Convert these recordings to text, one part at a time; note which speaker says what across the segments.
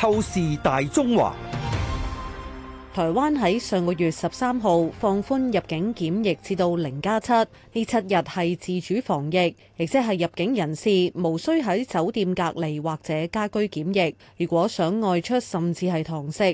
Speaker 1: 透視大中華，台灣喺上個月十三號放寬入境檢疫至，至到零加七，呢七日係自主防疫，亦即係入境人士無需喺酒店隔離或者家居檢疫。如果想外出，甚至係堂食，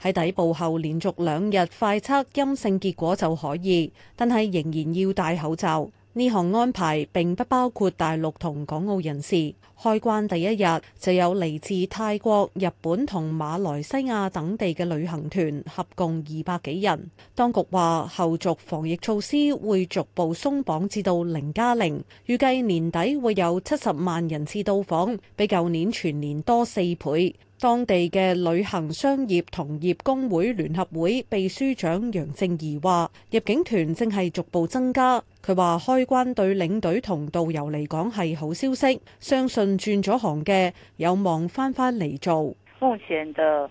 Speaker 1: 喺抵埗後連續兩日快測陰性結果就可以，但係仍然要戴口罩。呢項安排並不包括大陸同港澳人士。開關第一日就有嚟自泰國、日本同馬來西亞等地嘅旅行團，合共二百幾人。當局話，後續防疫措施會逐步鬆綁至到零加零，0, 預計年底會有七十萬人次到訪，比舊年全年多四倍。當地嘅旅行商業同業公會聯合會秘書長楊正儀話：入境團正係逐步增加。佢話開關對領隊同導遊嚟講係好消息，相信轉咗行嘅有望翻返嚟做。目前的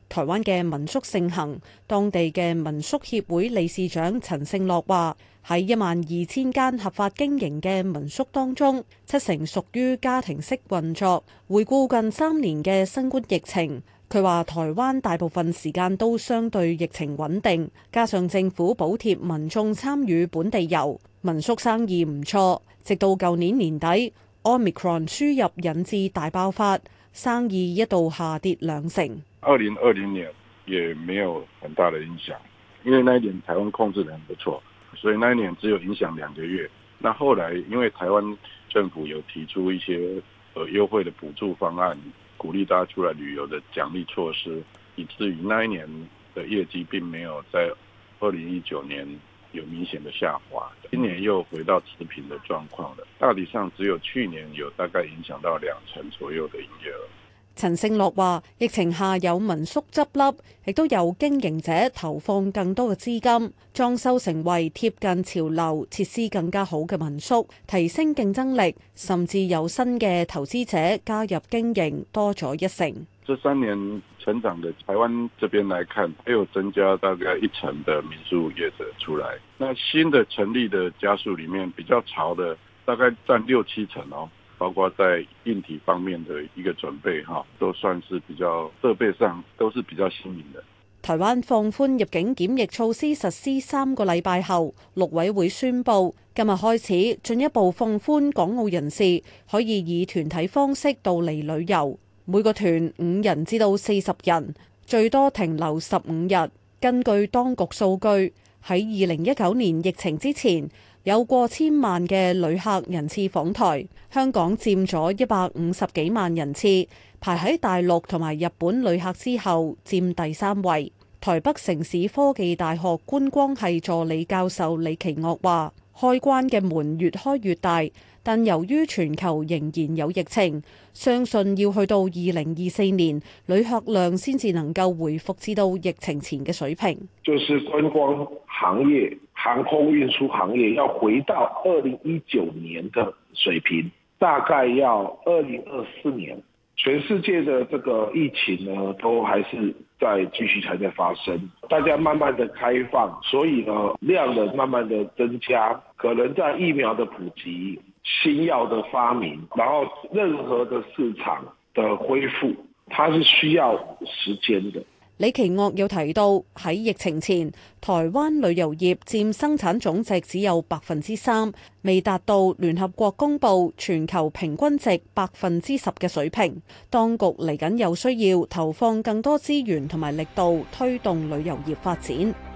Speaker 1: 台灣嘅民宿盛行，當地嘅民宿協會理事長陳勝樂話：喺一萬二千間合法經營嘅民宿當中，七成屬於家庭式運作。回顧近三年嘅新冠疫情，佢話台灣大部分時間都相對疫情穩定，加上政府補貼，民眾參與本地遊，民宿生意唔錯。直到舊年年底，Omicron 輸入引致大爆發，生意一度下跌兩成。
Speaker 2: 二零二零年也沒有很大的影響，因為那一年台灣控制得很不錯，所以那一年只有影響兩個月。那後來因為台灣政府有提出一些呃優惠的補助方案，鼓勵大家出來旅遊的獎勵措施，以至於那一年的業績並沒有在二零一九年有明顯的下滑。今年又回到持平的狀況了，大體上只有去年有大概影響到兩成左右的營業額。
Speaker 1: 陳勝樂話，疫情下有民宿執笠，亦都有經營者投放更多嘅資金，裝修成為貼近潮流、設施更加好嘅民宿，提升競爭力，甚至有新嘅投資者加入經營，多咗一成。
Speaker 2: 這三年成長嘅台灣這邊來看，還有增加大概一成嘅民宿業者出來，那新的成立的家屬裏面，比較潮的大概佔六七成哦。包括在硬體方面的一個準備，哈，都算是比較設備上都是比較新穎的。
Speaker 1: 台灣放寬入境檢疫措施實施三個禮拜後，陸委會宣布，今日開始進一步放寬港澳人士可以以團體方式到嚟旅遊，每個團五人至到四十人，最多停留十五日。根據當局數據，喺二零一九年疫情之前，有過千萬嘅旅客人次訪台，香港佔咗一百五十幾萬人次，排喺大陸同埋日本旅客之後，佔第三位。台北城市科技大學觀光系助理教授李奇岳話。開關嘅門越開越大，但由於全球仍然有疫情，相信要去到二零二四年，旅客量先至能夠恢復至到疫情前嘅水平。
Speaker 2: 就是觀光行業、航空運輸行業要回到二零一九年的水平，大概要二零二四年。全世界的這個疫情呢，都還是在繼續才在發生，大家慢慢的開放，所以呢量的慢慢的增加。可能在疫苗的普及、新藥的發明，然後任何的市場的恢復，它是需要時間的。
Speaker 1: 李奇岳又提到喺疫情前，台灣旅遊業佔生產總值只有百分之三，未達到聯合國公布全球平均值百分之十嘅水平。當局嚟緊有需要投放更多資源同埋力度推動旅遊業發展。